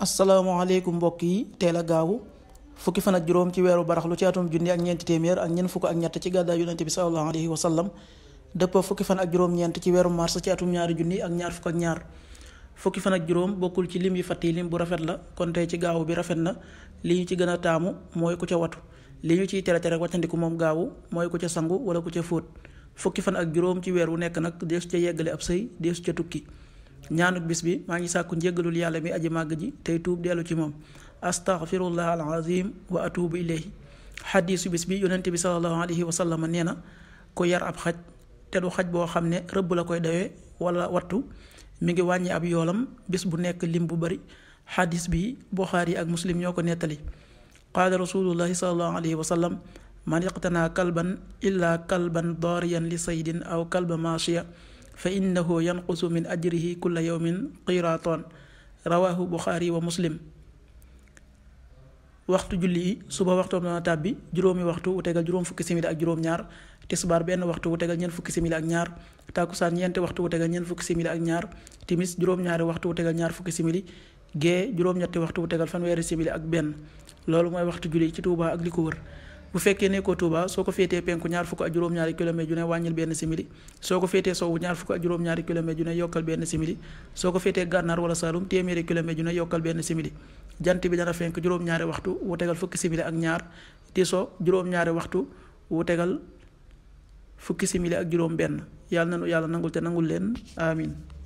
asalaamaaleykum mbokk yi teel a gaawu fukki fan ak juróom ci weeru baraxlu ci atum junni ak ñeenti téeméer ak ñeent fukk ak ñett ci gàddaa yonente bi sallallahu alayhi wa sallam dëppoo fan ak juróom-ñeent ci weeru mars ci atum ñaari ak ñaar fukk ñaar fukki fan ak juróom bokkul ci lim yi fàtte lim bu rafet la kon tey ci gaawu bi rafet na li ñu ci gën a taamu mooy ku ca watu li ñu ciy tere tere wàccandiku moom gaawu mooy ku ca sangu wala ku ca fóot fukki fan ak juróom ci weer wu nekk nag deesu ca yeggale ab sëy deesu ca tukki ñaanuk bis bi maa ngi sàkku njéggalul yàlla mi aji màgg ji tey tuub dellu ci moom astaghfirullah al azim wa atubu ilayhi xadiisu bis bi yonent bi sallallahu wa sallam nee na ku yar ab xaj te du xaj boo xam ne rëbb la koy dawee wala wattu mu ngi wàññi ab yoolam bis bu nekk lim bu bari xadis bi buxaari ak muslim ñoo ko nettali qaala rasulullahi sallallahu alayhi wa sallam man iqtanaa kalban illaa kalban daariyan li saydin aw kalba maasiya fa innahu yanqusu min ajrihi kulla yawmin qiraatoon rawaahu buxaari wa muslim waxtu julli yi suba waxtu na tàbbi juróomi waxtu wu tegal juróom fukki simili ak juróom ñaar tisbaar benn waxtu wu tegal ñeent fukki simili ak ñaar tàkkusaan ñeenti waxtu wu tegal ñeent fukki simili ak ñaar timis juróom-ñaari waxtu wu tegal ñaar fukki simili gée juróom-ñetti waxtu wu tegal fanweeri simili ak benn loolu mooy waxtu julli ci Tuubaa ak li ko wër bu fekkee nekkoo Touba soo ko féetee penku ñaar fukk ak juróom-ñaari kilomètre ju ne wàññil benn simili soo ko féetee sowwu ñaar fukk ak juróom-ñaari kilomètre ju ne yokkal benn simili soo ko féetee gànnaar wala Saalum téeméeri kilomètre ju yokkal benn simili jant bi dana fenk juróom-ñaari waxtu wu tegal fukki simili ak ñaar ti so juróom-ñaari waxtu wu tegal fukki simili ak juróom benn yàlla na nu yàlla nangul te nangul leen amin